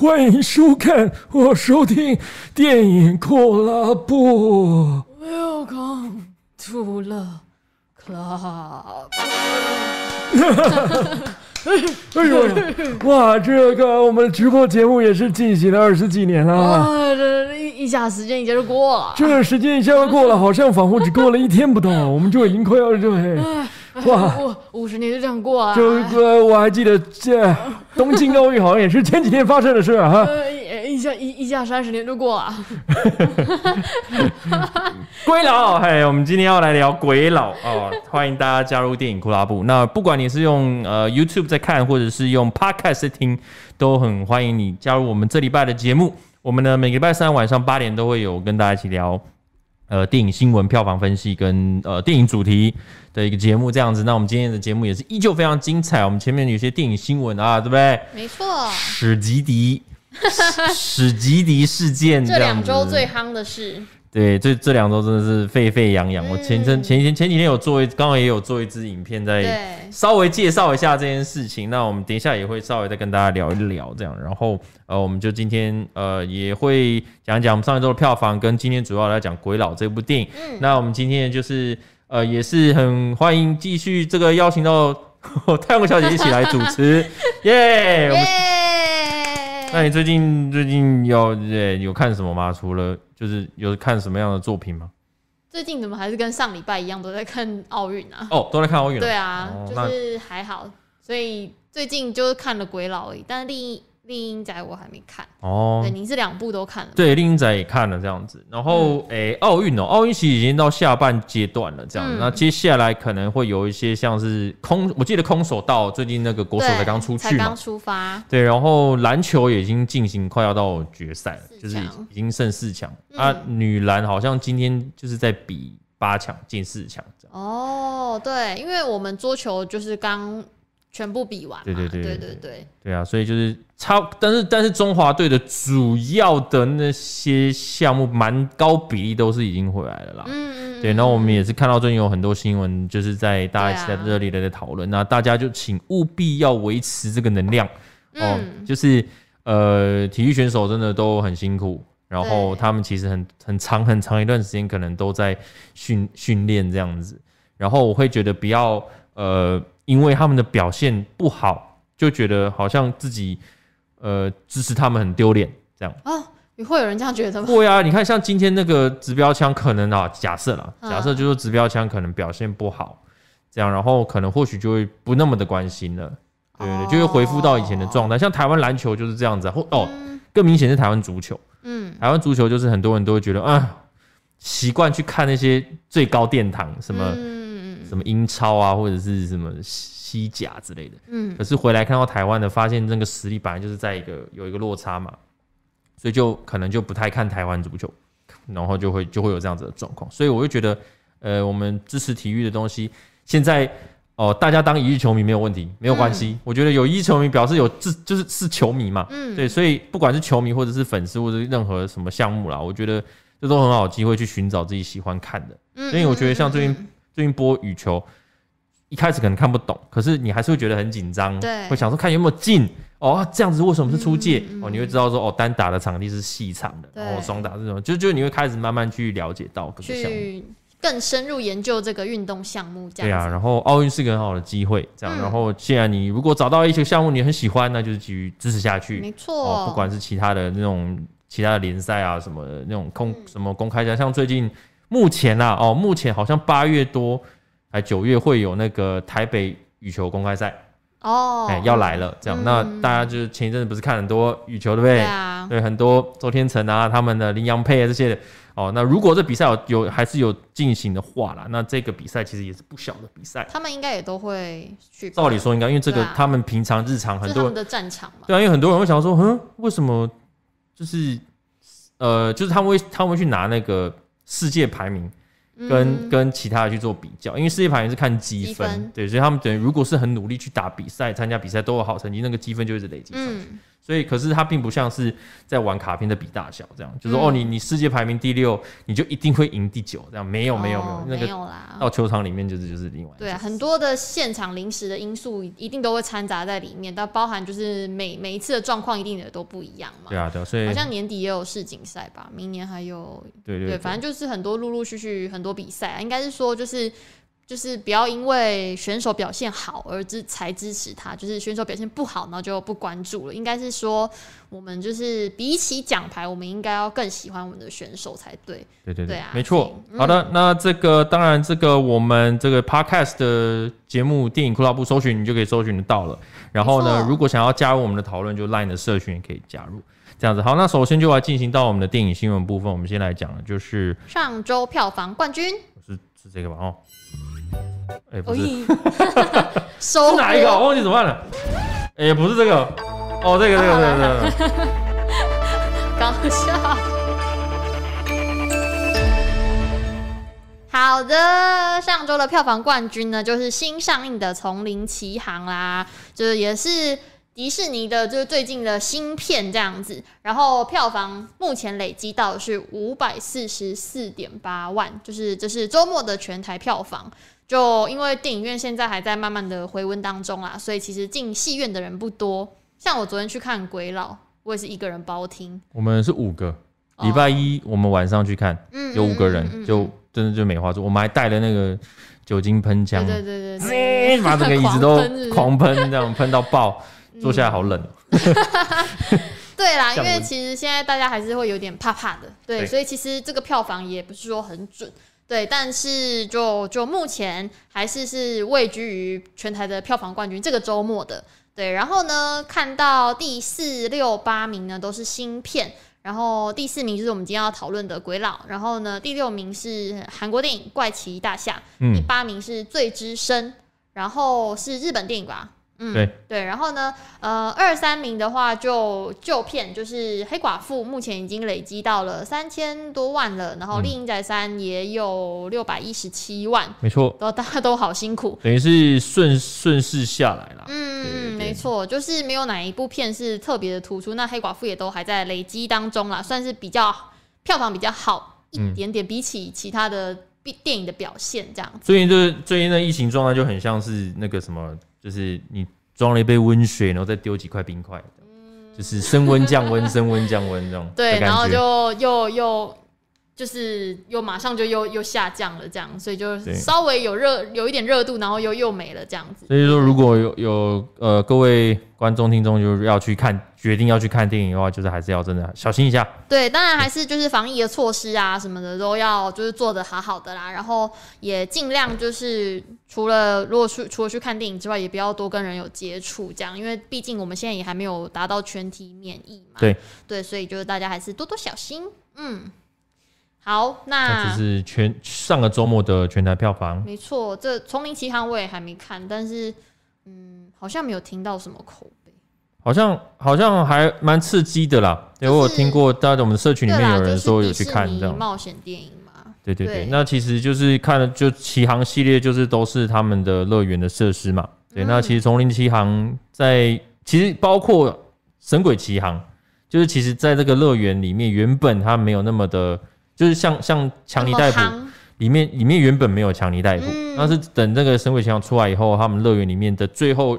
歡迎收看或收聽電影《酷拉部》。Welcome to the club。哈哈哈哈！哎呦，哇，這個我們直播節目也是進行了二十幾年了、, 這個、了,幾年了 啊！這,這,這一,一下時間一下就過了，這時間一下過了，好像仿佛只過了一天不到， 我們就已經快要就 哇五，五十年就這樣過啊！就個我還記得這東京奧運好像也是前幾天發生的事啊 一下一一下三十年就過啊！鬼 佬 嘿，我們今天要來聊鬼佬啊，哦，歡迎大家加入電影酷拉部。 那不管你是用呃 YouTube 在看，或者是用 Podcast 在聽，都很歡迎你加入我們這禮拜的節目。我們呢，每個禮拜三晚上八點都會有跟大家一起聊。呃，電影新聞、票房分析跟呃電影主題的一個節目這樣子。那我們今天的節目也是依舊非常精彩。我們前面有些電影新聞啊，對不對？沒錯。史吉迪，史， 史吉迪事件這，這兩周最夯的事。對，這這兩周真的是沸沸揚揚，嗯。我前天、前前幾天有做一，剛好也有做一支影片，在稍微介紹一下這件事情。那我們等一下也會稍微再跟大家聊一聊這樣。然後呃，我們就今天呃也會講講我們上一周的票房，跟今天主要來講《詭老》這部電影，嗯。那我們今天就是呃也是很歡迎繼續這個邀請到呵呵太空小姐一起來主持。耶、 yeah, yeah yeah，那你最近最近有對有看什麼嗎？除了就是有看什麼樣的作品嗎？最近怎麼還是跟上禮拜一樣都在看奧運啊？哦，都在看奧運啊。對啊，哦，就是還好，所以最近就是看了鬼佬而已。但是另一。另一仔我還沒看哦、欸，您你是兩部都看了？對，《另一仔也看了這樣子。然後，哎、嗯欸，奧運哦，奧運其實已經到下半階段了，這樣子。那、嗯、接下來可能會有一些像是空，我記得空手道最近那個國手才剛出去，才剛出發。對，然後籃球也已經進行快要到決賽了，就是已經剩四強。嗯、啊，女籃好像今天就是在比八強進四強哦，對，因為我們桌球就是剛全部比完嘛，對對對對對對對,對,對,對,對啊，所以就是。差，但是但是中華隊的主要的那些項目，蠻高比例都是已經回來了啦。嗯，對。那我們也是看到最近有很多新聞、嗯，就是在大家一起在熱烈的在討論。那大家就請務必要維持這個能量、嗯、哦。就是呃，體育選手真的都很辛苦，然後他們其實很很長很長一段時間可能都在訓訓練這樣子。然後我會覺得不要呃，因為他們的表現不好，就覺得好像自己。呃，支持他們很丟臉，這樣啊？你會有人這樣覺得嗎？會啊，你看像今天那個指標槍，可能啊，假設啦，假設就是說指標槍可能表現不好，嗯，這樣，然後可能或許就會不那麼的關心了，對、哦、對，就會回復到以前的狀態。像台灣籃球就是這樣子，或哦、嗯，更明顯是台灣足球，嗯，台灣足球就是很多人都會覺得啊，呃、習慣去看那些最高殿堂，什麼、嗯、什麼英超啊，或者是什麼。西甲之類的，嗯，可是回來看到台灣的，發現這個實力本來就是在一個有一個落差嘛，所以就可能就不太看台灣足球，然後就會就會有這樣子的狀況，所以我就覺得，呃，我們支持體育的東西，現在哦，大家當一日球迷沒有問題，沒有關係，我覺得有一日球迷表示有自就是是球迷嘛，對，所以不管是球迷或者是粉絲或者任何什麼項目啦，我覺得這都很好機會去尋找自己喜歡看的，所以我覺得像最近最近播羽球。一開始可能看不懂，可是你還是會覺得很緊張，會想說看有沒有進哦，這樣子為什麼是出界、嗯、哦？你會知道說哦，單打的場地是細長的，然後雙打這種，就就你會開始慢慢去了解到，去更深入研究這個運動項目這樣子。對啊，然後奧運是個很好的機會，這樣、嗯。然後既然你如果找到一些項目你很喜歡，那就是繼續支持下去，沒錯。不管是其他的那種其他的聯賽啊什麼那種公、嗯、什麼公開賽，像最近目前啊哦，目前好像八月多。還九月會有那個台北羽球公開賽哦，哎、欸、要來了，這樣、嗯、那大家就是前一陣子不是看很多羽球、嗯、對不對？對，、啊、對很多周天成啊，他們的麟洋配啊這些哦。那如果這比賽有有還是有進行的話啦，那這個比賽其實也是不小的比賽。他們應該也都會去，照理說應該，因為這個他們平常日常很多人、啊就是、的戰場對啊，因為很多人會想說，嗯，為什麼就是呃，就是他們會他們會去拿那個世界排名。跟跟其他的去做比較，因為世界排名是看積分、分，對，所以他們等於如果是很努力去打比賽、參加比賽，都有好成績，那個積分就會一直累積上去。嗯所以，可是他並不像是在玩卡片的比大小這樣，就是說、嗯、哦，你你世界排名第六，你就一定會贏第九這樣，沒有、哦、沒有沒有那個到球場裡面就是就是另外一個，對啊，很多的現場臨時的因素一定都會摻雜在裡面，但包含就是每每一次的狀況一定也都不一樣嘛。對啊，對，所以好像年底也有世錦賽吧，明年還有對對，對對，反正就是很多陸陸續續很多比賽，應該是說就是。就是不要因為選手表現好而支才支持他，就是選手表現不好呢就不關注了。應該是說，我們就是比起獎牌，我們應該要更喜歡我們的選手才對。對對對，對啊，沒錯。好的，嗯、那這個當然，這個我們這個 podcast 的節目、嗯、電影酷拉部搜尋，你就可以搜尋得到了。然後呢，如果想要加入我們的討論，就 LINE 的社群也可以加入。這樣子好，那首先就來進行到我們的電影新聞部分。我們先來講的就是上周票房冠軍，是是這個吧？哦。哎、欸，不是、哎 收，是哪一個？我忘記怎麼辦了、啊。哎、欸，不是這個，哦，這個，啊、這個，啊、這個、啊，搞笑。好的，上周的票房冠軍呢，就是新上映的《叢林奇航、啊》啦，就是也是迪士尼的，就是最近的新片這樣子。然後票房目前累積到是五百四十四點八萬，就是這、就是周末的全台票房。就因為電影院現在還在慢慢的回溫當中啊，所以其實進戲院的人不多。像我昨天去看《詭老》，我也是一個人包廳。我們是五個，禮拜一我們晚上去看，哦、有五個人就，就、嗯嗯嗯嗯嗯、真的就沒話說。我們還帶了那個酒精噴槍，對對對對，把、嗯、整 個椅子都狂噴，這樣噴到爆、嗯，坐下來好冷。 對啦，因為其實現在大家還是會有點怕怕的，對，對所以其實這個票房也不是說很準。對，但是就就目前還是是位居於全台的票房冠軍，這個周末的。對，然後呢，看到第四、六、八名呢都是新片，然後第四名就是我們今天要討論的《鬼佬》，然後呢，第六名是韓國電影《怪奇大廈》，嗯，第八名是《罪之聲》，然後是日本電影吧。嗯，對對，然後呢，呃，二三名的話就舊片，就是《黑寡婦》，目前已經累積到了三千多萬了，然後《厲陰宅3》也有六百一十七萬，沒、嗯、錯，都大家都好辛苦，等於是順順勢下來了。嗯對對對，沒錯，就是沒有哪一部片是特別的突出，那《黑寡婦》也都還在累積當中啦，算是比較票房比較好、嗯、一點點，比起其他的電電影的表現，這樣子。最近就是最近的疫情狀態就很像是那個什麼。就是你裝了一杯溫水，然後再丟幾塊冰塊、嗯，就是升溫、 升溫降溫、升溫、降溫這種。對，然後就又又。就是又馬上就又又下降了，這樣，所以就稍微有熱有一點熱度，然後又又沒了這樣子。所以說，如果有有呃各位觀眾聽眾就是要去看決定要去看電影的話，就是還是要真的小心一下。對，當然還是就是防疫的措施啊什麼的都要就是做得好好的啦，然後也盡量就是除了如果去除了去看電影之外，也不要多跟人有接觸，這樣，因為畢竟我們現在也還沒有達到全體免疫嘛。對對，所以就是大家還是多多小心，嗯。好，那這是全上個周末的全台票房。沒錯，這《叢林奇航》我也還沒看，但是嗯，好像沒有聽到什麼口碑。好像好像還蠻刺激的啦。就是、對我有聽過，大家我們社群裡面有人說有去看這樣。就是、冒險電影嘛？對對對，對。那其實就是看了就奇航系列，就是都是他們的樂園的設施嘛。對，嗯、那其實《叢林奇航》在其實包括《神鬼奇航》，就是其實在這個樂園裡面，原本它沒有那麼的。就是像像強尼戴普，裡面、嗯、裡面原本沒有強尼戴普，嗯，但是等這個《神鬼奇航》出來以後，他們樂園裡面的最後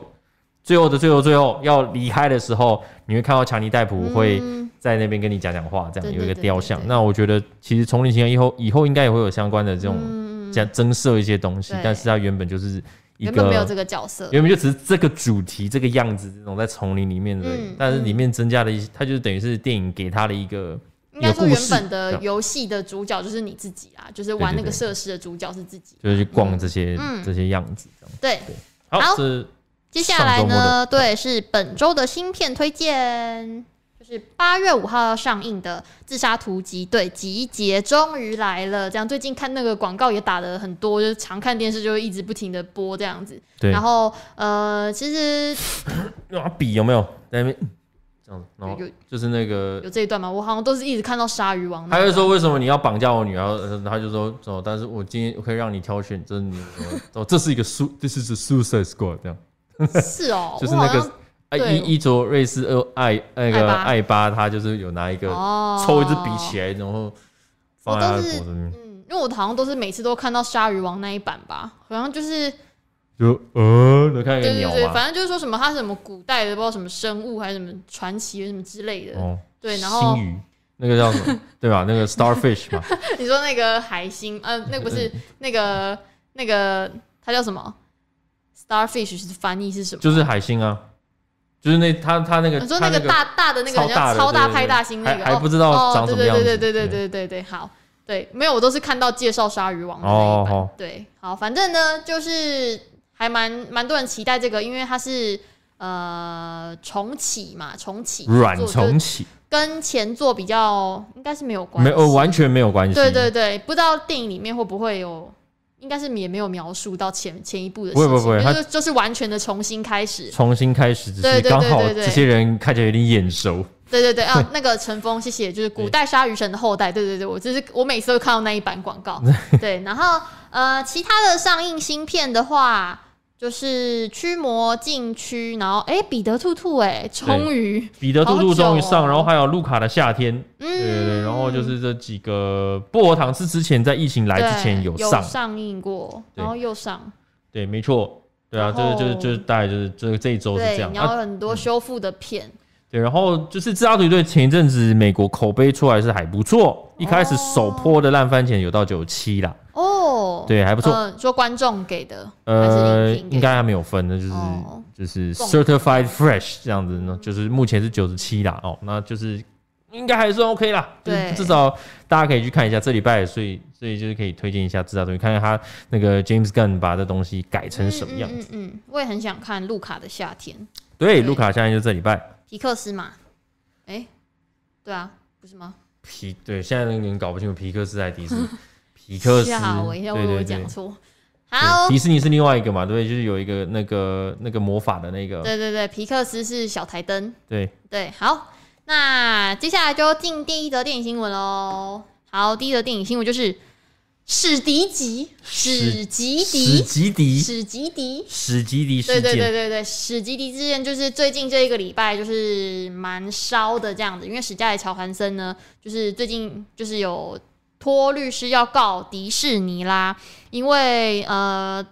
最後的最後最後要離開的時候，你會看到強尼戴普會在那邊跟你講講話，嗯，這樣有一個雕像。對對對，對，那我覺得其實《叢林奇航》以後以後應該也會有相關的這種加增設一些東西，嗯，但是它原本就是一個原本沒有這個角色，原本就只是這個主題這個樣子，這種在叢林裡面的，嗯，但是裡面增加了一些，嗯，它就是等於是電影給它的一個。應該說原本的遊戲的主角就是你自己啦，就是玩那個設施的主角是自己對對對，嗯，就是去逛這些，嗯、這些樣子樣對，對，好，是接下來呢？對，是本周的新片推薦，就是八月五號要上映的自殺《自殺突擊隊》對，集結終於來了。這樣最近看那個廣告也打了很多，就常看電視就一直不停的播這樣子。對，然後呃，其實啊，筆有沒有？嗯嗯，就是那個有這一段嗎？我好像都是一直看到鯊魚王，那個。他就說為什麼你要綁架我女兒？他就說哦，但是我今天我可以讓你挑選真女。哦，這是一個 s 這是 suicide squad 這樣。是哦，喔， 就是那個一一伊卓瑞斯艾那個艾巴，巴，他就是有拿一個，哦、抽一支筆起來，然後放在他的脖子上面，嗯。因為我好像都是每次都看到鯊魚王那一版吧，好像就是。有，呃，你看一下。對對對，反正就是說什麼，它是什麼古代的，不知道什麼生物還是什麼傳奇什麼之類的。哦、對，然後星魚那個叫什麼？ 對吧？那個 starfish 嘛。 你說那個海星，呃，那個、不是那個那個它叫什麼？starfish 是翻譯是什麼？就是海星啊，就是那它它那個你、啊那個、說那個大大的那個的人叫超大派大星那個，還不知道長什麼樣、哦？對對對對對對對對,對,對對對對對，好，對，沒有，我都是看到介紹鯊魚王的那一版，哦哦哦對，好，反正呢就是。還蠻蠻多人期待這個，因為它是呃重啟嘛，重啟軟重啟，就是、跟前作比較應該是沒有關，沒哦、呃、完全沒有關係。對對對，不知道電影裡面會不會有，應該是也沒有描述到前前一部的事情。不會不不，它、就是就是、就是完全的重新開始，重新開始。對對對對，這些人看起來有點眼熟對對對對對。對對對， 啊，那個陳峰，謝謝，就是古代鯊魚神的後代。對對對，對，我就是我每次都看到那一版廣告。 對，然後呃，其他的上映新片的話。就是驅魔禁區，然後哎、欸，彼得兔兔哎、欸，終於彼得兔兔終於上、哦，然後還有路卡的夏天，嗯，對對對，然後就是這幾個薄荷糖是之前在疫情來之前有上有上映過，然後又上，對，沒錯，對啊，就是就是就是大概就是這這一周是這樣，然後很多修復的片，啊嗯、對，然後就是《自殺突擊隊》前一陣子美國口碑出來是還不錯，一開始首播的爛番茄有到九七了。哦對，還不錯、呃。說觀眾給的，呃，應該還沒有分，那就是、哦、就是 certified fresh 這樣子呢，嗯、就是目前是九十七啦、嗯，哦，那就是應該還算 OK 啦。對，至少大家可以去看一下這禮拜所，所以所以就是可以推薦一下這東西，看看他那個 James Gunn 把這東西改成什麼樣嗯嗯，嗯，嗯，我也很想看《路卡的夏天》對。對，《路卡夏天》就這禮拜。皮克斯嘛，哎、欸，對啊，不是嗎？皮對，現在有點搞不清楚皮克斯還是迪士 皮克斯，對對對，我一下會不會講錯。好，迪士尼是另外一個嘛，對不對？就是有一個那個那個魔法的那個，對對對，皮克斯是小台燈。對對，好，那接下來就進第一則電影新聞嘍。好，第一則電影新聞就是史迪吉，史吉迪史，史吉迪，史吉迪，史吉迪，史吉迪。對對對對史吉迪之前就是最近這一個禮拜就是蠻燒的這樣子，因為史嘉蕾·喬韓森呢，就是最近就是有。託律師要告迪士尼啦，因為呃，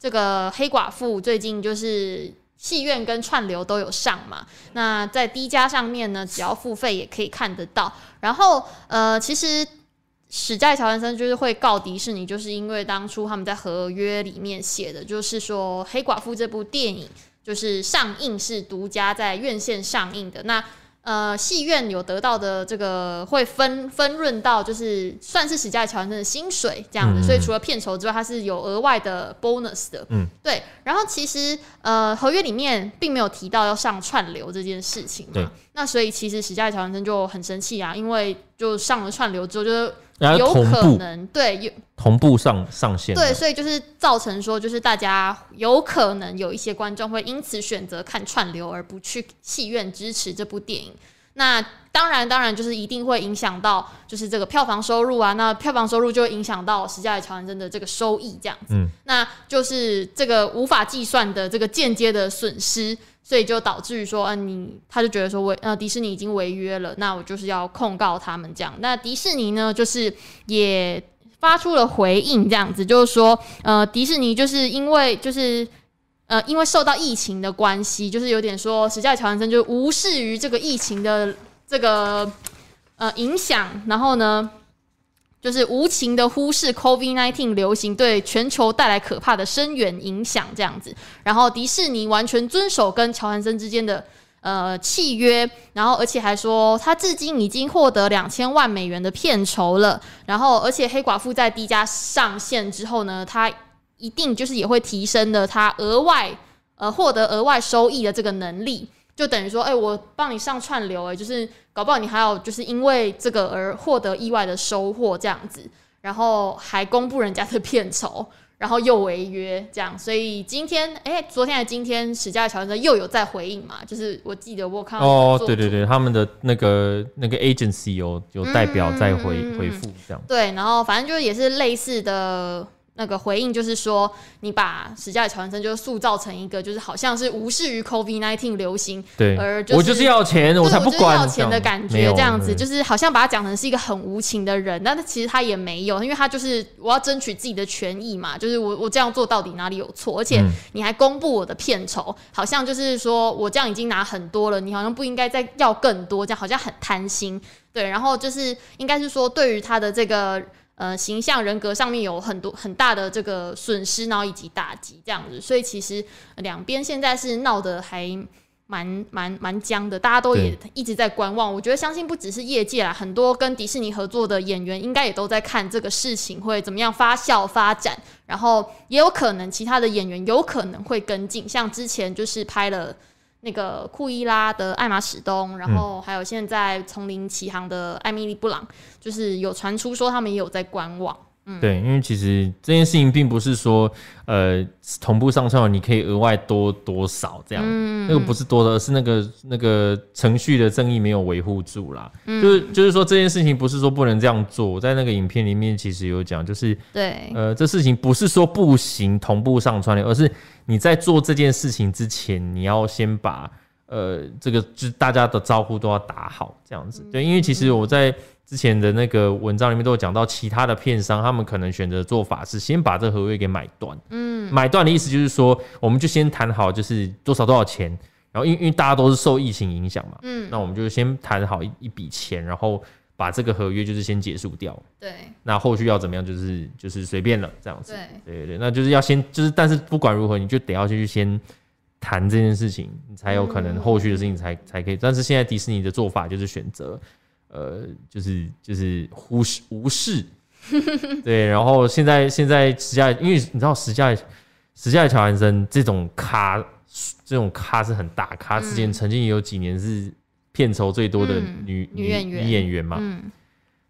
這個黑寡婦最近就是戲院跟串流都有上嘛，那在 D 加上面呢，只要付費也可以看得到。然後呃，其實史嘉蕾喬韓森就是會告迪士尼，就是因為當初他們在合約裡面寫的，就是說黑寡婦這部電影就是上映是獨家在院線上映的那。呃，戲院有得到的這個會分分潤到，就是算是史嘉蕾喬韓森的薪水這樣子。嗯，所以除了片酬之外，它是有額外的 bonus 的。嗯，對。然後其實呃，合約裡面並沒有提到要上串流這件事情嘛，對，那所以其實史嘉蕾喬韓森就很生氣啊，因為就上了串流之後，就有可能，對有，同步上上線，對，所以就是造成說，就是大家有可能有一些觀眾會因此選擇看串流，而不去戲院支持這部電影。那當然，當然就是一定會影響到，就是這個票房收入啊。那票房收入就會影響到史嘉蕾喬韓森的這個收益，這樣子，嗯。那就是這個無法計算的這個間接的損失，所以就導致於說，嗯、啊，你他就覺得說違呃迪士尼已經違約了，那我就是要控告他們這樣。那迪士尼呢，就是也發出了回應，這樣子，就是說，呃，迪士尼就是因為就是。呃，因為受到疫情的關係，就是有點說，實際上喬韓森就無視於這個疫情的這個呃影響，然後呢，就是無情的忽視 COVID-19 流行對全球帶來可怕的深遠影響這樣子。然後迪士尼完全遵守跟喬韓森之間的呃契約，然後而且還說他至今已經獲得兩千萬美元的片酬了。然後而且黑寡婦在 D+ 上線之後呢，他。一定就是也會提升的，他額外呃獲得額外收益的這個能力，就等於說，哎、欸，我幫你上串流、欸，哎，就是搞不好你還有就是因為這個而獲得意外的收穫這樣子，然後還公布人家的片酬，然後又違約這樣，所以今天哎、欸，昨天的今天，史嘉蕾喬韓森又有在回應嘛？就是我記得我看到哦，對對對，他們的那個、嗯、那個 agency 有有代表在回、嗯嗯嗯嗯嗯、回復這樣，對，然後反正就是也是類似的。那個回應就是說，你把史嘉蕾·喬韓森就塑造成一個，就是好像是無視於 COVID-19 流行，對，而、就是、我就是要錢，我才不管，我就是要錢的感覺這，這樣子，就是好像把它講成是一個很無情的人。那他其實他也沒有，因為他就是我要爭取自己的權益嘛，就是我我這樣做到底哪裡有錯？而且你還公布我的片酬、嗯，好像就是說我這樣已經拿很多了，你好像不應該再要更多，這樣好像很貪心。對，然後就是應該是說，對於他的這個。呃，形象人格上面有很多很大的這個損失，然後以及打擊這樣子，所以其實兩邊現在是鬧得還蠻蠻蠻僵的，大家都也一直在觀望。對。我覺得，相信不只是業界啦，很多跟迪士尼合作的演員應該也都在看這個事情會怎麼樣發酵發展，然後也有可能其他的演員有可能會跟進，像之前就是拍了。那個庫伊拉的艾瑪史東，然後還有現在叢林奇航的艾米麗布朗，嗯、就是有傳出說他們也有在觀望。對，因為其實這件事情並不是說，呃，同步上傳，你可以額外多多少這樣，嗯、那個不是多的，而是那個那個程序的正義沒有維護住啦。嗯、就是就是說這件事情不是說不能這樣做，我在那個影片裡面其實有講，就是對，呃，這事情不是說不行同步上傳的，而是你在做這件事情之前，你要先把呃這個就大家的招呼都要打好這樣子，嗯。對，因為其實我在。嗯之前的那個文章裡面都有講到，其他的片商他們可能選擇的做法是先把這個合約給買斷。嗯，買斷的意思就是說，我們就先談好，就是多少多少錢。然後因為因為大家都是受疫情影響嘛，嗯，那我們就先談好一一筆錢，然後把這個合約就是先結束掉。對，那後續要怎麼樣，就是，就是就是隨便了這樣子對。對對對，那就是要先就是，但是不管如何，你就得要去先談這件事情，你才有可能後續的事情才，嗯、才可以。但是現在迪士尼的做法就是選擇。呃，就是就是忽視無視，對。然後現在現在史嘉蕾，因為你知道史嘉蕾史嘉蕾喬韓森這種咖，這種咖是很大咖，之前曾經有幾年是片酬最多的女、嗯、女，女，女演員女演員嘛。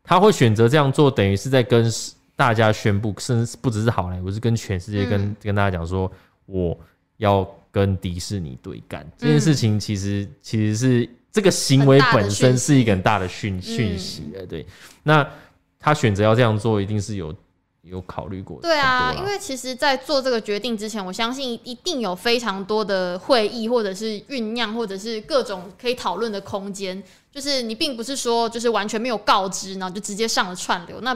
她、嗯、會選擇這樣做，等於是在跟大家宣布，甚至不只是好萊塢，是跟全世界跟、嗯、跟大家講說，我要跟迪士尼對幹、嗯。這件事情其實其實是。這個行為本身是一個很大的訊訊息，啊、對、嗯，對。那他選擇要這樣做，一定是有有考慮過的。對啊，因為其實，在做這個決定之前，我相信一定有非常多的會議，或者是醞釀，或者是各種可以討論的空間。就是你並不是說，就是完全沒有告知，然後就直接上了串流。那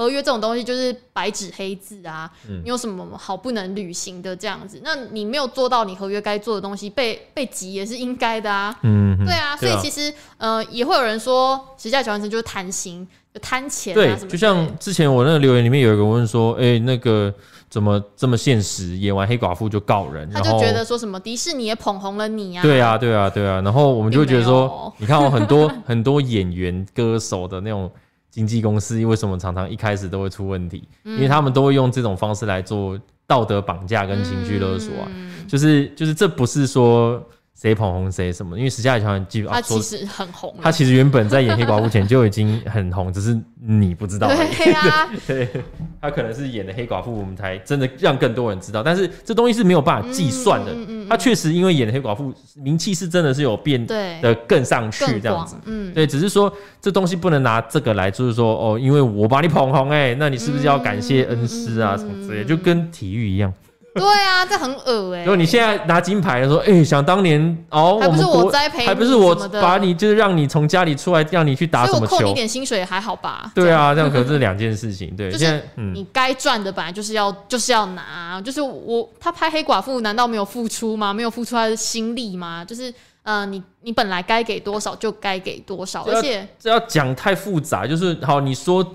合約這種東西就是白紙黑字啊、嗯，你有什麼好不能履行的這樣子？那你沒有做到你合約該做的東西，被被擠也是應該的啊。嗯，對啊，所以其實，啊、呃，也會有人說，史嘉蕾喬韓森就是貪心，就貪錢啊，對，就像之前我那個留言裡面有一個問說，哎、欸，那個怎麼這麼現實？演完黑寡婦就告人，他就覺得說什麼迪士尼也捧紅了你啊。對啊，對啊，對啊。對啊，然後我們就會覺得說，有有你看、喔，我很多 很多演員歌手的那種。經紀公司為什麼常常一開始都會出問題？因為他們都會用這種方式來做道德綁架跟情緒勒索啊，就是，就是這不是說。誰捧紅誰什麼？因為實際上你好像基本他其實很紅，他其實原本在演黑寡婦前就已經很紅， 只是你不知道而已對、啊。對，對他可能是演的黑寡婦，我們才真的讓更多人知道。但是這東西是沒有辦法計算的。嗯嗯嗯嗯、他確實因為演的黑寡婦，名氣是真的是有變得更上去這樣子對、嗯。對，只是說這東西不能拿這個來，就是說哦，因為我把你捧紅、欸，哎，那你是不是要感謝恩師啊、嗯嗯嗯嗯、什麼之類的？就跟體育一樣。 對啊，這很惡哎、欸！就你現在拿金牌的時候，哎，想當年哦，還不是我栽培你的，還不是我把你就是讓你從家裡出來，讓你去打什麼球。所以我扣你一點薪水還好吧？對啊，這樣，這樣可是這兩件事情。 對，現在嗯，你該賺的本來就是要就是要拿，就是我他拍黑寡婦，難道沒有付出嗎？沒有付出他的心力嗎？就是嗯、呃，你你本來該給多少就該給多少，而且這要講太複雜，就是好你說。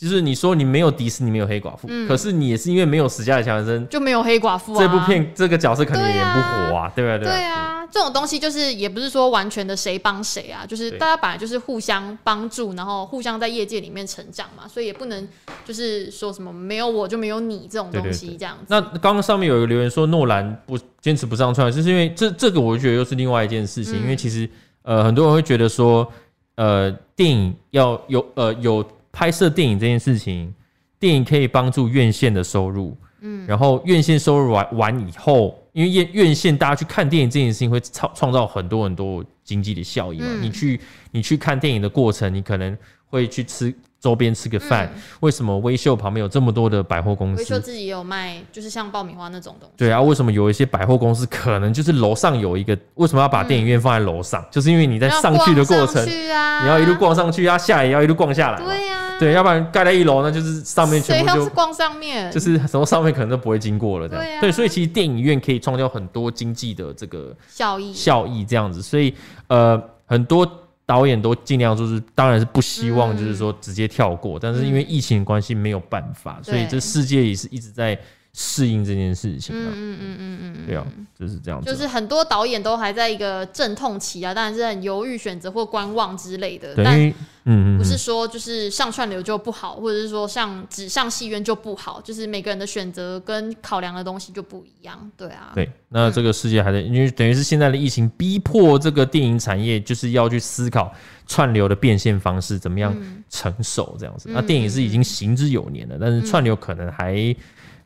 就是你說你沒有迪士尼沒有黑寡婦、嗯，可是你也是因為沒有史嘉蕾強森就沒有黑寡婦啊。這部片這個角色肯定也演不火啊，對不對、啊、對。對啊,對啊,對啊,對啊對，這種東西就是也不是說完全的誰幫誰啊，就是大家本來就是互相幫助，然後互相在業界裡面成長嘛，所以也不能就是說什麼沒有我就沒有你這種東西這樣子。對對對那剛剛上面有一個留言說諾蘭不堅持不上串，就是因為這這個我覺得又是另外一件事情，嗯、因為其實呃很多人會覺得說呃電影要有呃有。拍攝電影這件事情，電影可以幫助院線的收入，嗯，然後院線收入完完以後，因為院院線大家去看電影這件事情會創創造很多很多經濟的效益嘛，嗯，你去你去看電影的過程，你可能會去吃。周邊吃個飯、嗯，為什麼威秀旁邊有這麼多的百貨公司？威秀自己也有賣，就是像爆米花那種東西。對啊，為什麼有一些百貨公司可能就是樓上有一個？為什麼要把電影院放在樓上，嗯？就是因為你在上去的過程，要上去啊，你要一路逛上去啊，下來也要一路逛下來。對呀，啊，對，要不然蓋在一樓，那就是上面全部就。誰是逛上面，就是什麼上面可能都不會經過了這樣對，啊，對，所以其實電影院可以創造很多經濟的這個效益效益這樣子，所以呃很多。導演都盡量就是，當然是不希望就是說直接跳過，嗯、但是因為疫情關係沒有辦法，嗯，所以這世界也是一直在。適應這件事情啊，嗯嗯嗯嗯，對啊，就是這樣，啊、就是很多導演都還在一個陣痛期啊，當然是很猶豫選擇或觀望之類的。但嗯嗯，不是說就是上串流就不好，嗯嗯、或者是說像只上戲院就不好，就是每個人的選擇跟考量的東西就不一樣，對啊。對，那這個世界還在，嗯、因為等於是現在的疫情逼迫這個電影產業，就是要去思考串流的變現方式怎麼樣成熟這樣子、嗯。那電影是已經行之有年了，嗯、但是串流可能還。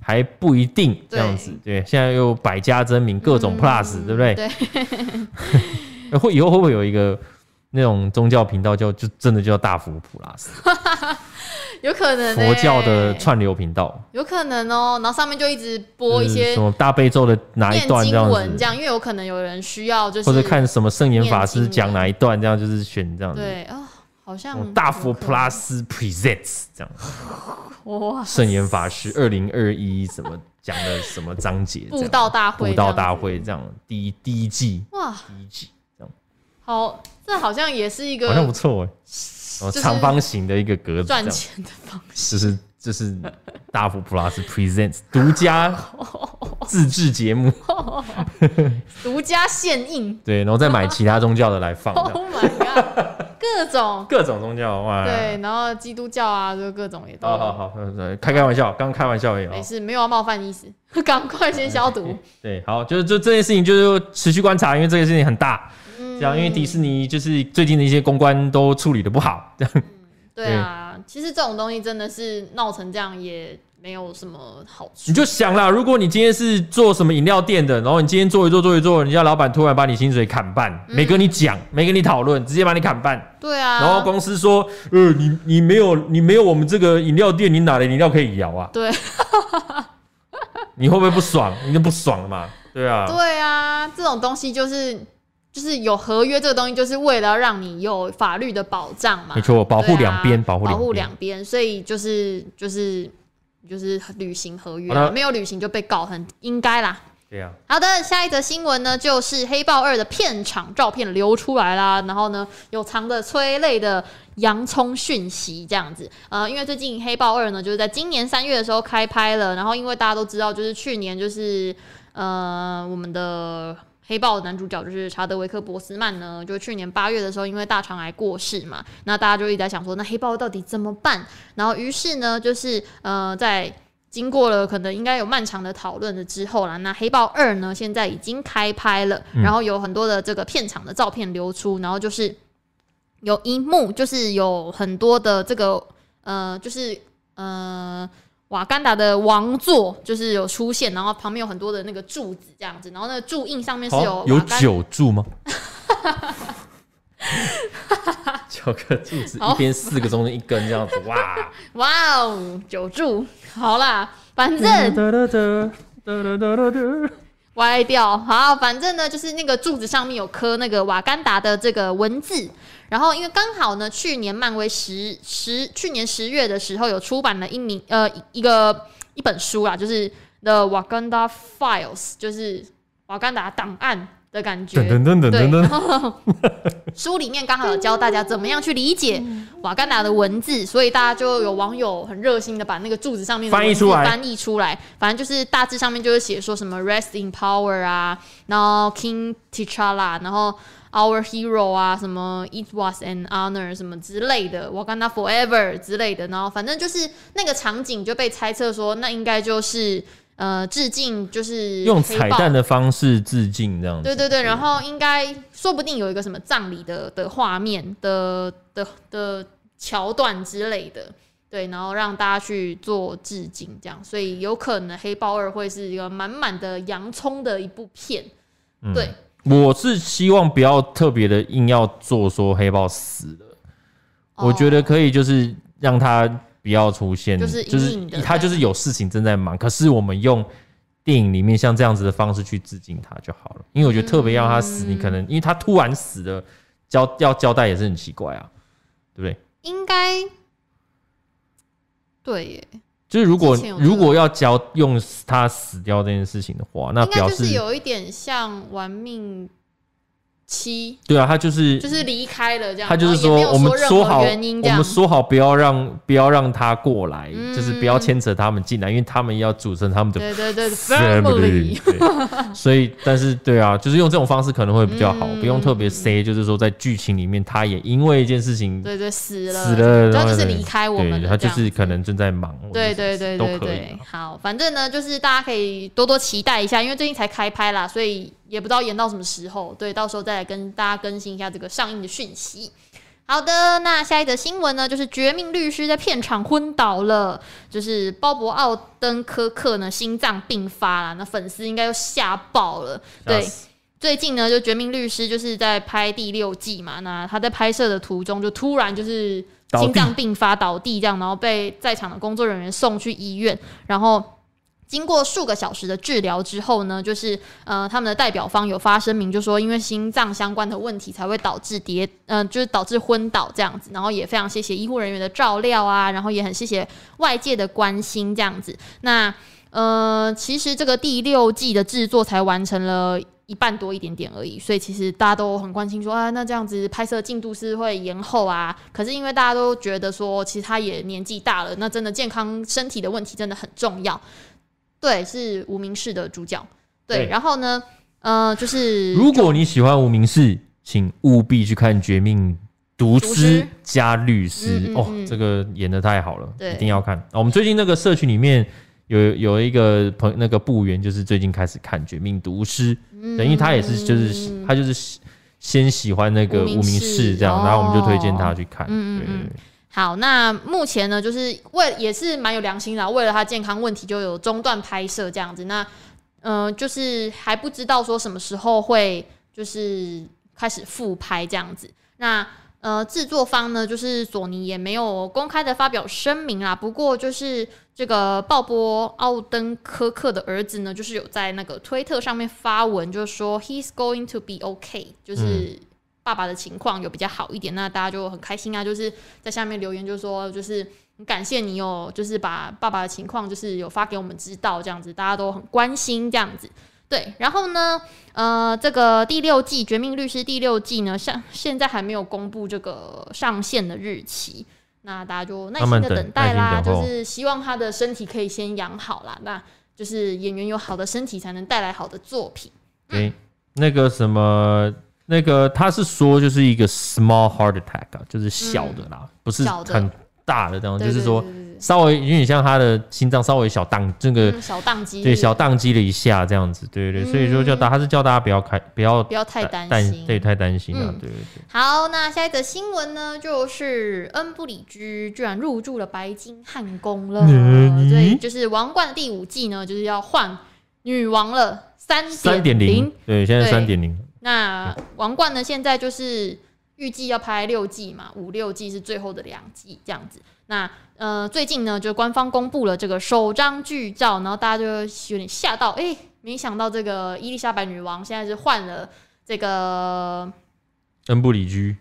還不一定這樣子對，對，現在又百家爭鳴，各種 plus，、嗯、對不對？對。 會以後會不會有一個那種宗教頻道叫就，就真的叫大佛 plus？ 有可能、欸。佛教的串流頻道。有可能哦、喔，然後上面就一直播一些什麼大悲咒的哪一段這樣，因為有可能有人需要，就是或者看什麼聖嚴法師講哪一段這樣，就是選這樣子。對好像大佛 plus presents 這樣，哇！聖嚴法師二零二一什麼講的什麼章節？布道大會，布道大會這樣，第一第一季，哇，第一季這樣。好，這好像也是一個好像不錯、欸，長方形的一個格子，賺、就是、錢的方式。這、就是這、就是大佛 plus presents 獨家自製節目，獨、哦、家現映。 對，然後再買其他宗教的來放。Oh my God！各種各種宗教哇，對，然後基督教啊，就各種也都、哦。好好好，開開玩笑，剛開玩笑也好，沒事，沒有要冒犯的意思，趕快先消毒、哎。對，好，就是這這件事情，就是持續觀察，因為這件事情很大、嗯，這樣，因為迪士尼就是最近的一些公關都處理的不好。這樣嗯、對啊、嗯，其實這種東西真的是鬧成這樣也。沒有什麼好處，你就想啦。如果你今天是做什麼飲料店的，然後你今天做一做做一做，人家老闆突然把你薪水砍半，沒跟你講、嗯，沒跟你討論，直接把你砍半。對啊。然後公司說，呃，你你沒有你沒有我們這個飲料店，你哪的飲料可以搖啊？對。 你會不會不爽？你就不爽了嘛？對啊。對啊，這種東西就是就是有合約這個東西，就是為了讓你有法律的保障嘛。沒錯、啊，保護兩邊，保護保護兩邊，所以就是就是。就是履行合約、啊，沒有履行就被告，很應該啦。好的，下一則新聞呢，就是《黑豹二》的片場照片流出來啦。然後呢，有藏着催淚的洋蔥訊息這樣子。呃，因為最近《黑豹二》呢，就是在今年三月的時候開拍了。然後，因為大家都知道，就是去年就是呃，我們的。黑豹男主角就是查德維克·博斯曼呢，就去年八月的時候因為大腸癌過世嘛，那大家就一直在想說，那黑豹到底怎麼辦？然後於是呢，就是呃，在經過了可能應該有漫長的討論了之後啦，那黑豹二呢現在已經開拍了，嗯，然後有很多的這個片場的照片流出，然後就是有一幕就是有很多的這個呃，就是呃。瓦甘達的王座就是有出現，然後旁邊有很多的那個柱子這樣子，然後那個柱印上面是有有九柱嗎？ 九個柱子，一邊四個，中 間一根這樣子，哇哇哦，wow, 九柱，好啦，反正歪掉，好，反正呢就是那個柱子上面有刻那個瓦甘達的這個文字。然後，因為剛好呢，去年漫威，十十去年十月的時候，有出版了一名呃一個一本書啊，就是 The Waganda Files，就是瓦干達檔案的感覺。等等等等。然後 書裡面剛好有教大家怎麼樣去理解瓦干達的文字，所以大家就有網友很熱心的把那個柱子上面的文字翻譯翻譯出來，翻譯出來。反正就是大致上面就是寫說什麼 rest in power 啊，然後 King T'Challa 然後。Our hero 啊，什麼 It was an honor 什麼之類的，Wakanda forever 之類的，然後反正就是那個場景就被猜測說，那應該就是呃致敬，就是用彩蛋的方式致敬這樣子。對對對，對，然後應該說不定有一個什麼葬禮的的畫面的的的橋段之類的，對，然後讓大家去做致敬這樣，所以有可能《黑豹二》會是一個滿滿的洋蔥的一部片，嗯、對。我是希望不要特別的硬要做說黑豹死了，我覺得可以就是讓他不要出現，就是他就是有事情正在忙，可是我們用電影裡面像這樣子的方式去致敬他就好了，因為我覺得特別要他死，你可能因為他突然死的交要交代也是很奇怪啊，對不對？應該，對耶。所以，如果如果要教用他死掉這件事情的話，那表示有一點像玩命。七對啊，他就是就是離開了這樣。他就是說，說，然後也沒有說任何原因這樣。我們說好，我們說好不要讓不要讓他過來，嗯、就是不要牽扯他們進來，因為他們要組成他們的對對，對 family, family，對 所以，但是對啊，就是用這種方式可能會比較好，嗯、不用特別 say，、嗯、就是說在劇情裡面他也因為一件事情對對死了死了，他就是離開我們對，他就是可能正在忙。對對對，對，對都可以、啊、好，反正呢，就是大家可以多多期待一下，因為最近才開拍啦，所以。也不知道延到什麼時候，對，到時候再來跟大家更新一下這個上映的訊息。好的，那下一則新聞呢，就是《絕命律師》在片場昏倒了，就是鮑勃·奧登科克呢心臟病發了，那粉絲應該又嚇爆了。對，最近呢，就《絕命律師》就是在拍第六季嘛，那他在拍攝的途中就突然就是心臟病發倒地，這樣，然後被在場的工作人員送去醫院，然後。經過數個小時的治療之後呢，就是呃，他們的代表方有發聲明，就說因為心臟相關的問題才會導致跌，嗯、呃，就是導致昏倒這樣子。然後也非常謝謝醫護人員的照料啊，然後也很謝謝外界的關心這樣子。那呃，其實這個第六季的製作才完成了一半多一點點而已，所以其實大家都很關心說啊，那這樣子拍攝進度是會延後啊？可是因為大家都覺得說，其實他也年紀大了，那真的健康身體的問題真的很重要。對，是無名氏的主角。對，然後呢，呃，就是就如果你喜歡無名氏，請務必去看《絕命毒師》加律師哦，嗯嗯嗯喔，這個演得太好了，對，一定要看。我們最近那個社群裡面有有一個朋，那個部員就是最近開始看《絕命毒師》嗯嗯，等於他也是就是他就是先喜歡那個無名氏這樣，哦，然後我們就推薦他去看對，嗯嗯嗯。好，那目前呢，就是為也是蠻有良心的，為了他健康問題就有中斷拍攝這樣子。那，嗯、呃，就是還不知道說什麼時候會就是開始復拍這樣子。那，呃，制作方呢，就是索尼也沒有公開的發表聲明啦。不過，就是這個鮑勃·奧登科克的兒子呢，就是有在那個推特上面發文，就是說 He's going to be okay，就是。嗯爸爸的情況有比較好一點，那大家就很開心啊！就是在下面留言就是說，就說就是很感謝你有、哦、就是把爸爸的情況就是有發給我們知道，這樣子大家都很關心這樣子。對，然後呢，呃，這個第六季《絕命律師》第六季呢，像現在還沒有公布這個上線的日期，那大家就耐心的等待啦。慢慢就是希望他的身體可以先養好啦，那就是演員有好的身體才能帶來好的作品。對、嗯欸，那個什麼。那個他是說就是一個 small heart attack，、啊、就是小的啦、嗯，不是很大的這樣就是說稍微有點像他的心臟稍微小宕、嗯、這個、嗯、小宕機，對，對對小宕機了一下這樣子，對對、嗯、所以說叫他，他是叫大家不要開，不要不要太擔心擔，對，太擔心了，嗯、對,對,對，好，那下一則新聞呢，就是恩布裡居居然入住了白金漢宮了，所、嗯、就是王冠的第五季呢，就是要換女王了，三點零，對，現在三點零。那王冠呢？現在就是預計要拍六季嘛，五六季是最後的兩季這樣子。那呃，最近呢，就官方公布了這個首張劇照，然後大家就有點嚇到，誒、欸，沒想到這個伊麗莎白女王現在是換了這個恩不里居，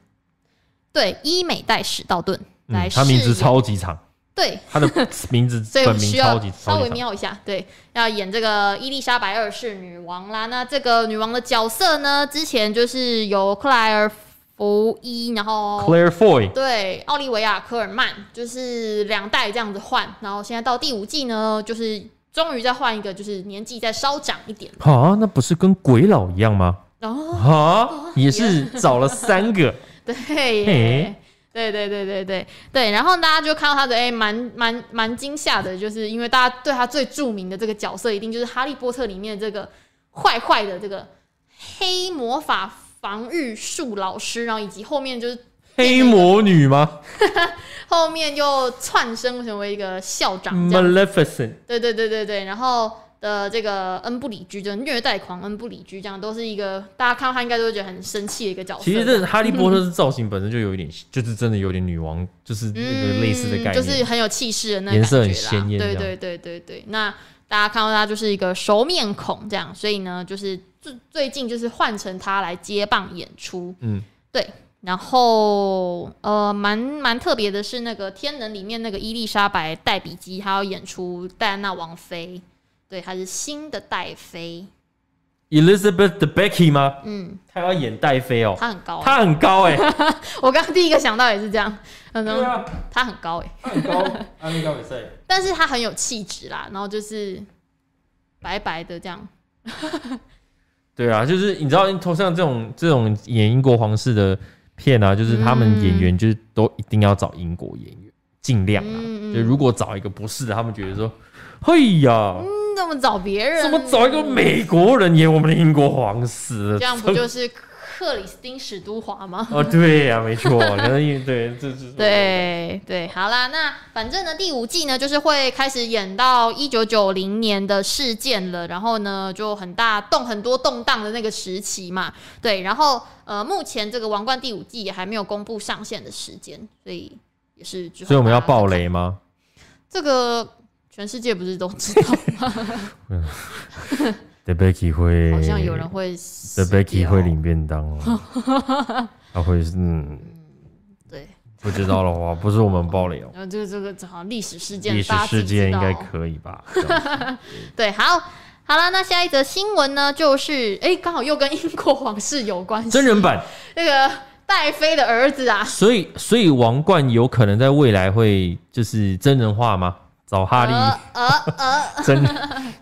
對伊美黛史道頓來、嗯，他名字超級長。對，他的名字本名超 級稍微瞄一下，對，要演這個伊麗莎白二世女王啦。那這個女王的角色呢，之前就是由克萊爾福伊，然後 Claire Foy，對，奧利維亞科爾曼，就是兩代這樣子換，然後現在到第五季呢，就是終於再換一個，就是年紀再稍長一點。哈、啊，那不是跟鬼佬一樣嗎？哈、啊啊，也是找了三個 ，對、欸。欸對對對對對對，對，然後大家就看到他的哎，蠻蠻蠻，蠻驚嚇的，就是因為大家對他最著名的這個角色，一定就是《哈利波特》裡面的這個壞壞的這個黑魔法防禦術老師，然後以及後面就是、那個、黑魔女嗎？ 後面就竄升成為一個校長，Maleficent。Maleficent. 對對對對對，然後。呃，這個恩不理居就是虐待狂，恩不理居這樣，都是一個大家看到他應該都會覺得很生氣的一個角色。其實這《哈利波特》的造型本身就有一點， 就是真的有點女王，就是那個類似的感覺、嗯、就是很有氣勢的那種。顏色很鮮艷，對對對對對。那大家看到他就是一個熟面孔這樣，所以呢，就是最最近就是換成他來接棒演出。嗯，對。然後呃，蠻蠻特別的是那個《天能》裡面那個伊麗莎白戴比基，他要演出戴安娜王妃。對，他是新的戴妃，Elizabeth Debicki 嗎？嗯，他要演戴妃哦，喔，他很高，欸，他很高哎，欸！ 我剛剛第一個想到也是這樣，對他，啊，很高哎，欸， 她很高，安利高誰？但是他很有氣質啦，然後就是白白的這樣。 對啊，就是你知道，像這種這種演英國皇室的片啊，就是他們演員就是都一定要找英國演員，儘量啊。嗯，就是，如果找一個不是的，他們覺得說，嗯，嘿呀。嗯怎麼找別人？怎麼找一個美國人演我們的英國皇室？這樣不就是克里斯汀·史都華嗎？ 哦，對呀、啊，沒錯，對，這 是對對,對,對,對,對。好啦，那反正呢，第五季呢就是會開始演到一九九零年的事件了，然後呢就很大動很多動盪的那個時期嘛。對，然後呃，目前這個《王冠》第五季也還沒有公布上線的時間，所以也是，所以我們要爆雷嗎？這個。全世界不是都知道嗎，Debaki 會好像有人會，Debaki 會領便當哦，他會嗯， 對，不知道的話不是我們爆料，然後這個這個好像歷史事件，歷史事件應該可以吧？ 對，好好啦，那下一則新聞呢，就是哎，剛、欸、好，又跟英國皇室有關，真人版那個戴妃的兒子啊，所以所以王冠有可能在未來會就是真人化嗎？老哈利、呃呃呃 真，真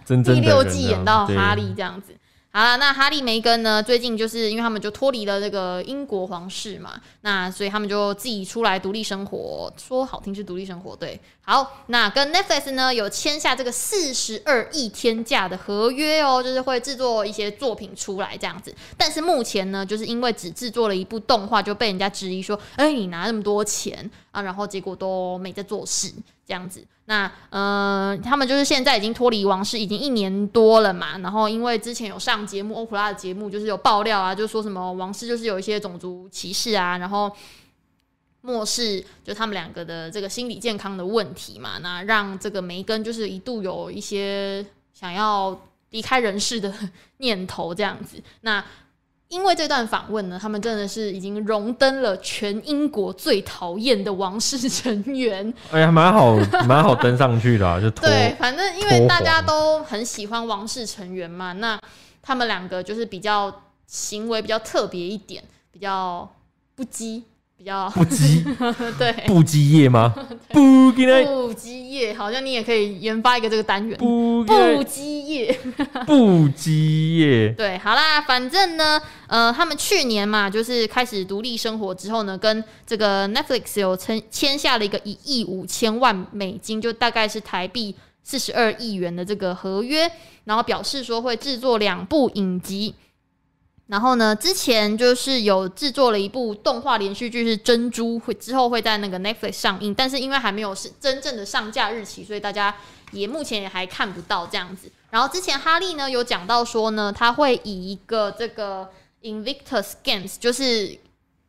真真第六季演到哈利這樣子，好了，那哈利梅根呢？最近就是因為他們就脫離了那個英國皇室嘛，那所以他們就自己出來獨立生活，說好聽是獨立生活，對，好，那跟 Netflix 呢有簽下這個四十二億天價的合約喔，就是會制作一些作品出來這樣子，但是目前呢，就是因為只制作了一部動畫就被人家質疑說，欸，你拿那麼多錢啊，然後結果都沒在做事這樣子。那嗯，呃，他們就是現在已經脫離王室已經一年多了嘛，然後因為之前有上節目歐普拉的節目，就是有爆料啊，就說什麼王室就是有一些種族歧視啊，然後漠視就他們兩個的這個心理健康的問題嘛，那讓這個梅根就是一度有一些想要離開人世的念頭這樣子，那。因為這段訪問呢，他們真的是已經榮登了全英國最討厭的王室成員。哎呀，蠻好，蠻好登上去的啊， 就對，反正因為大家都很喜歡王室成員嘛，那他們兩個就是比較行為比較特別一點，比較不羈。比較不羈， 對，不羈夜嗎？不羈不羈夜，好像你也可以研發一個這個單元。不羈夜，不羈夜、夜。對，好啦，反正呢，呃，他們去年嘛，就是開始獨立生活之後呢，跟這個 Netflix 有簽簽下了一個一億五千萬美金，就大概是台幣四十二億元的這個合約，然後表示說會制作兩部影集。然後呢，之前就是有制作了一部動畫連續劇，是《珍珠》，會之後會在那個 Netflix 上映，但是因為還沒有是真正的上架日期，所以大家也目前也還看不到這樣子。然後之前哈利呢有講到說呢，他會以一個這個 Invictus Games，就是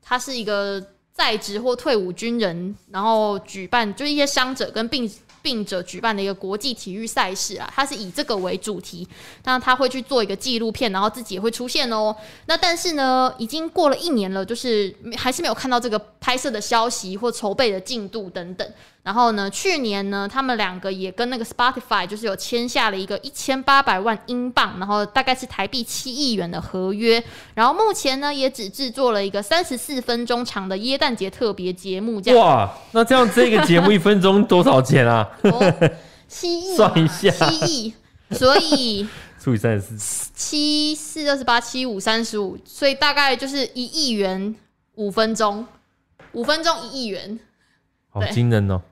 他是一個在職或退伍軍人，然後舉辦就是一些傷者跟病，並者舉辦的一個國際體育賽事啊，它是以這個為主題，那他會去做一個紀錄片，然後自己也會出現哦、喔。那但是呢，已經過了一年了，就是還是沒有看到這個。拍攝的消息或籌備的進度等等。然後呢，去年呢，他們兩個也跟那個 Spotify 就是有簽下了一個一千八百萬英鎊，然後大概是台幣七億元的合約。然後目前呢，也只制作了一個三十四分鐘長的耶誕節特別節目這樣。哇，那這樣這個節目一分鐘多少錢啊？ 哦、七億，算一下，七億。所以除以三十四，七四二十八，七五三十五，所以大概就是一億元五分鐘。五分鐘一億元，好驚、哦、人哦！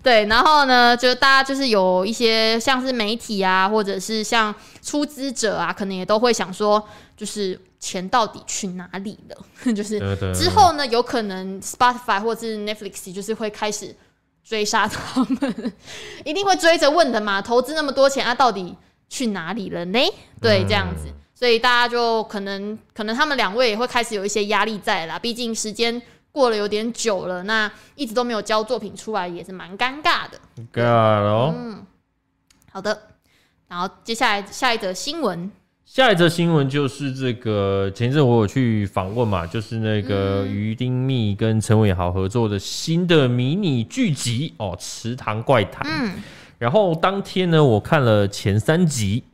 對，然後呢，就大家就是有一些像是媒體啊，或者是像出資者啊，可能也都會想說，就是錢到底去哪裡了？就是之後呢，有可能 Spotify 或是 Netflix 就是會開始追殺他們， 一定會追着問的嘛？投資那麼多錢，它、啊、到底去哪裡了呢？嗯、對，這樣子，所以大家就可能可能他們兩位也會開始有一些壓力在了啦，畢竟時間。過了有點久了，那一直都沒有交作品出來，也是蠻尷尬的。尬嘍、哦。嗯，好的。然後接下來下一則新聞，下一則新聞就是這個前陣我有去訪問嘛，就是那個於丁蜜跟陳偉豪合作的新的迷你劇集哦，《池塘怪談》。嗯。然後當天呢，我看了前三集。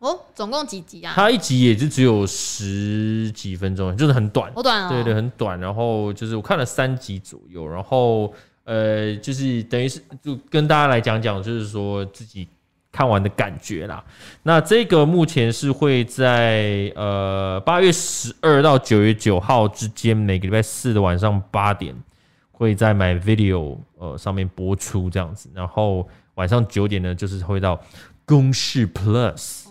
哦，總共幾集啊？它一集也就只有十幾分鐘，就是很短，好短哦。對對，很短。然後就是我看了三集左右，然後呃，就是等於是就跟大家來講講，就是說自己看完的感覺啦。那這個目前是會在呃八月十二到九月九號之間，每個禮拜四的晚上八點會在 MyVideo 呃上面播出這樣子。然後晚上九點呢，就是會到公視 Plus。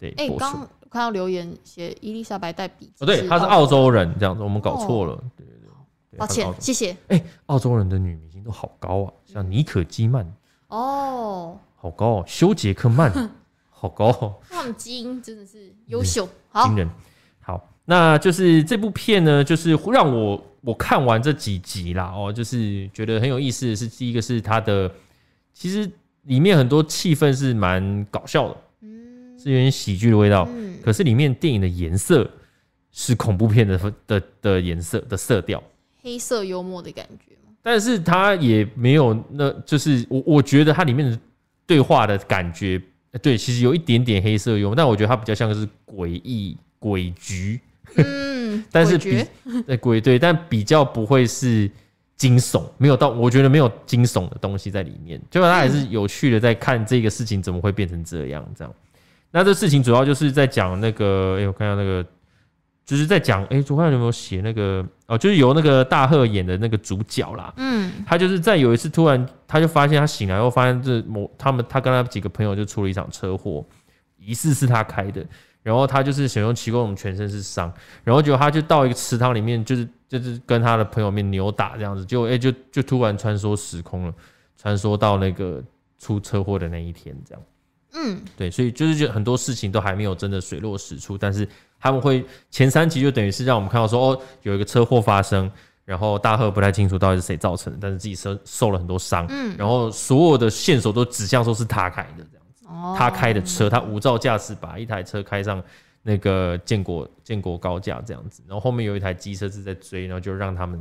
對，哎、欸，剛看到留言寫伊麗莎白帶筆子，不對，她是澳洲人，喔、洲人這樣子，我們搞錯了、哦，對對對，對，抱歉，謝謝。哎、欸，澳洲人的女明星都好高啊，嗯、像妮可基曼，哦，好高哦、啊，休傑克曼，呵呵好高、啊，基因真的是優秀，嗯、好驚人。好，那就是這部片呢，就是讓我我看完這幾集啦，哦、喔，就是覺得很有意思的是，第一個是它的，其實裡面很多氣氛是蠻搞笑的。是有點喜劇的味道，嗯，可是裡面電影的顏色是恐怖片的的的顏色的色調，黑色幽默的感覺。但是它也沒有，那就是我我覺得它裡面的對話的感覺，對，其實有一點點黑色幽默，但我覺得它比較像是詭異鬼局，嗯、 但是比鬼對，但比較不會是驚悚，沒有到我覺得沒有驚悚的東西在裡面，就是它還是有趣的，在看這個事情怎麼會變成這樣、嗯、這樣。那這事情主要就是在講那個，哎、欸，我看下那個，就是在講，哎、欸，我看有沒有寫那個，哦，就是由那個大賀演的那個主角啦，嗯，他就是在有一次突然，他就發現他醒來後發現這某他們他跟他幾個朋友就出了一場車禍，疑似是他開的，然後他就是想用奇功，我們全身是傷，然後結果他就到一個池塘裡面，就是就是跟他的朋友面扭打這樣子，就哎、欸、就就突然穿梭時空了，穿梭到那個出車禍的那一天這樣。嗯，對，所以就是很多事情都還沒有真的水落石出，但是他們會前三集就等於是讓我們看到說，哦，有一個車禍發生，然後大賀不太清楚到底是誰造成的，但是自己受受了很多傷。嗯，然後所有的線索都指向說是他開的這樣子，哦。他開的車，他無照駕駛把一台車開上那個建國建國高架這樣子，然後後面有一台機車是在追，然後就讓他們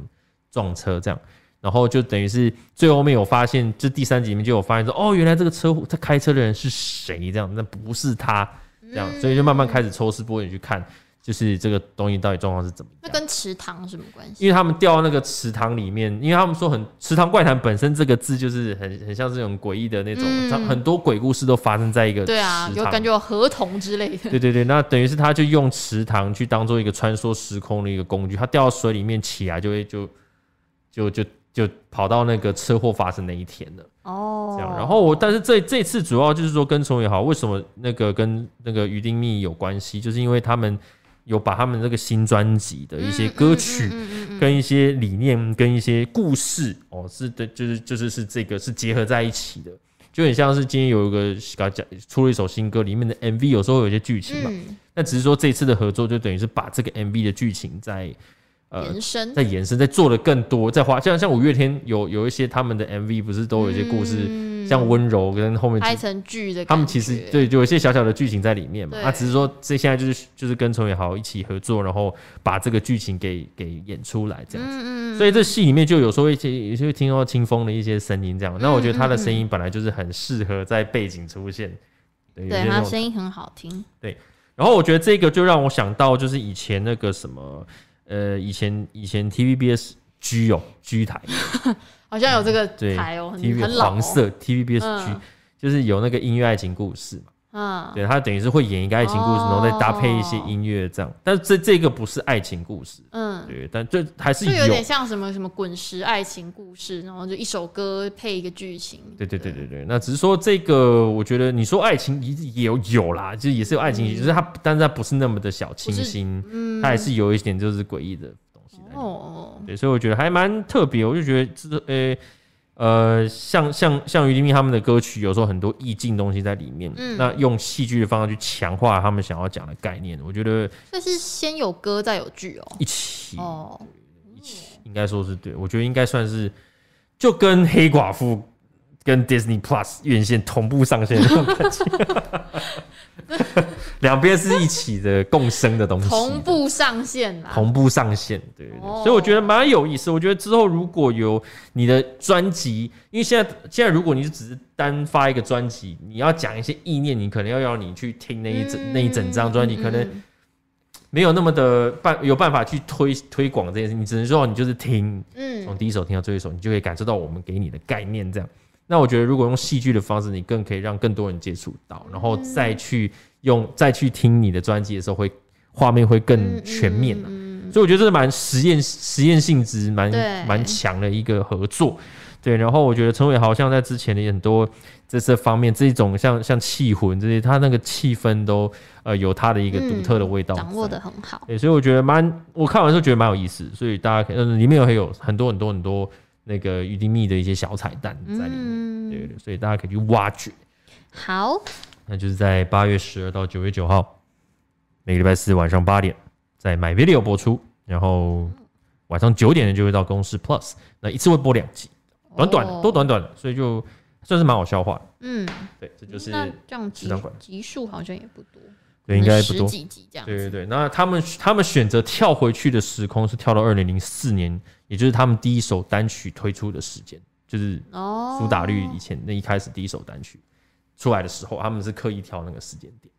撞車這樣。然後就等於是最後面有發現，就第三集裡面就有發現說，哦，原來這個車禍，他開車的人是誰？這樣，那不是他，這樣，嗯，所以就慢慢開始抽絲剝繭去看，就是這個東西到底狀況是怎麼樣。那跟池塘什麼關係？因為他們掉到那個池塘裡面，嗯，因為他們說很池塘怪談本身這個字就是很很像這種詭異的那種，嗯，很多鬼故事都發生在一個池塘對啊，有就感覺有河童之類的。 對對對，那等於是他就用池塘去當做一個穿梭時空的一個工具，他掉到水裡面起來就會就就就。就就就跑到那個車禍發生那一天了哦，這樣。然後我，但是這這次主要就是說跟從也好，為什麼那個跟那個魚丁糸有關係，就是因為他們有把他們這個新專輯的一些歌曲，跟一些理念，跟一些故事，哦，是的，就是就是是這個是結合在一起的，就很像是今天有一個講出了一首新歌，裡面的 MV 有時候有一些劇情嘛，那只是說這次的合作就等於是把這個 MV 的劇情在。呃、延伸在延伸在做的更多，在花像像五月天有有一些他們的 MV 不是都有一些故事，嗯、像溫柔跟後面拍成劇的，他們其實對就有一些小小的劇情在裡面嘛。那、啊、只是說這現在就是就是跟陳偉豪一起合作，然後把這個劇情給給演出來這樣子。嗯所以這戲裡面就有說一些，有些會聽到清風的一些聲音這樣、嗯。那我覺得他的聲音本來就是很適合在背景出現，嗯、對,對，他聲音很好聽。對，然後我覺得這個就讓我想到就是以前那個什麼。呃，以前以前 TVBS G 哦，G 台， 好像有這個台哦，嗯、對 TVB... 很老哦，黃色 TVBS G、嗯、就是有那個音樂愛情故事嘛。嗯、對，他等於是會演一個愛情故事，然後再搭配一些音樂這樣，哦、但是這這個不是愛情故事，嗯，對，但這還是有，就有點像什麼什麼滾石愛情故事，然後就一首歌配一個劇情，對對對對對，那只是說這個，我覺得你說愛情也也有，有啦，就也是有愛情、嗯，就是它，但是它不是那麼的小清新，嗯，它還是有一點就是詭異的東西在裡面，哦哦，對，所以我覺得還蠻特別，我就覺得，其、欸、實，呃，像像像於立明他們的歌曲，有時候很多意境東西在裡面。嗯，那用戲劇的方式去強化他們想要講的概念，我覺得那是先有歌再有劇哦、喔，一起哦，一起應該說是對，我覺得應該算是就跟黑寡婦。跟 Disney Plus 院線同步上線的感覺，兩邊是一起的共生的東西。 同步上線啦，同步上線，對對對、哦，對，所以我覺得蠻有意思。我覺得之後如果有你的專輯，因為現在現在如果你只是單發一個專輯，你要講一些意念，你可能要要你去聽那一整、嗯、那一整張專輯，可能沒有那麼的辦有辦法去推推廣這件事。你只能說你就是聽，嗯，從第一首聽到最後一首，你就可以感受到我們給你的概念這樣。那我覺得，如果用戲劇的方式，你更可以讓更多人接觸到，然後再去用，再去聽你的專輯的時候，會畫面會更全面，啊，所以我覺得這是蠻實驗、實驗性質蠻蠻強的一個合作。對，然後我覺得陳偉豪像在之前的很多這些方面，這一種像像氣氛這些，他那個氣氛都呃有他的一個獨特的味道，掌握得很好。對，所以我覺得蠻，我看完之後覺得蠻有意思。所以大家可以嗯，裡面有還有很多很多很多。那個預定密的一些小彩蛋在裡面，嗯、對，對，對，所以大家可以去挖掘。好，那就是在八月十二到九月九號，每個禮拜四晚上八點在 My Video 播出，然後晚上九點呢，就會到公視 Plus，那一次會播兩集，哦，短短都短短的，所以就算是蠻好消化，嗯，對，這就是、嗯、那這樣子，集數好像也不多。對，應該不多。對對對，那他們他們選擇跳回去的時空是跳到二零零四年，也就是他們第一首單曲推出的時間，就是哦，蘇打綠以前那一開始第一首單曲出來的時候，他們是刻意挑那個時間點。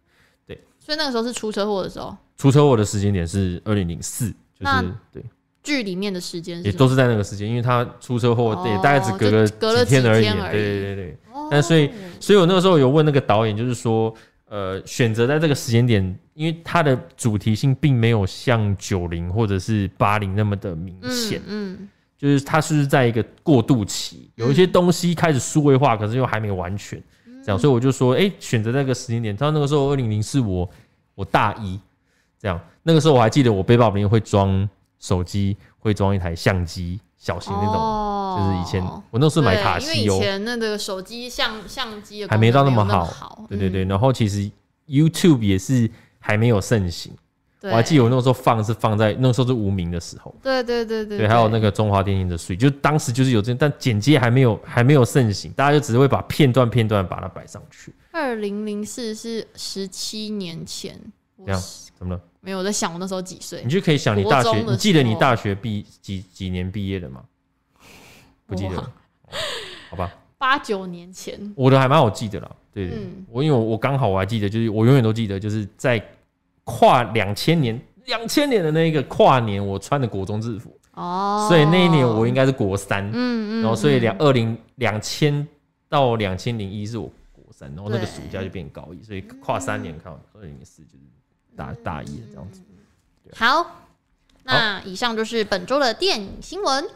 對，所以那個時候是出車禍的時候。出車禍的時間點是二零零四，就是對，劇裡面的時間也都是在那個時間，因為他出車禍也大概只隔了隔了幾天而已。對對對，對、哦。但所以，所以我那個時候有問那個導演，就是說。呃，選擇在這個時間點，因為它的主題性並沒有像九零或者是八零那麼的明顯、嗯，嗯，就是它是不是在一個過渡期，有一些東西開始數位化、嗯，可是又還沒完全這樣，所以我就說，哎、欸，選擇這個時間點，到那個時候二零零四我我大一，這樣那個時候我還記得我背包裡面會裝手機，會裝一台相機。小型那種、哦，就是以前我那時候買卡西歐、哦，因為以前那個手機相相機還沒到那麼好、嗯。對對對。然後其實 YouTube 也是還沒有盛行，對我還記得我那時候放是放在那時候是無名的時候。對對對對，對，對。對，還有那個中華電信的稅，就當時就是有這，但剪接還沒有還沒有盛行，大家就只會把片段片段把它擺上去。二零零四是十七年前。這樣，怎麼了？沒有，我在想我那時候幾歲？你就可以想你大學，你記得你大學畢幾幾年畢業的嗎？不記得了，好吧。八九年前，我都還蠻好記得啦。對,對,對、嗯，我因為我剛好我還記得，就是我永遠都記得，就是在跨兩千年、兩千年的那個跨年，我穿的國中制服哦，所以那一年我應該是國三，嗯嗯，然後所以兩二零兩千到兩千零一是我國三、嗯，然後那個暑假就變高一，所以跨三年，看二零零四就是。大大意的這樣子、啊嗯，好，那以上就是本週的電影新聞。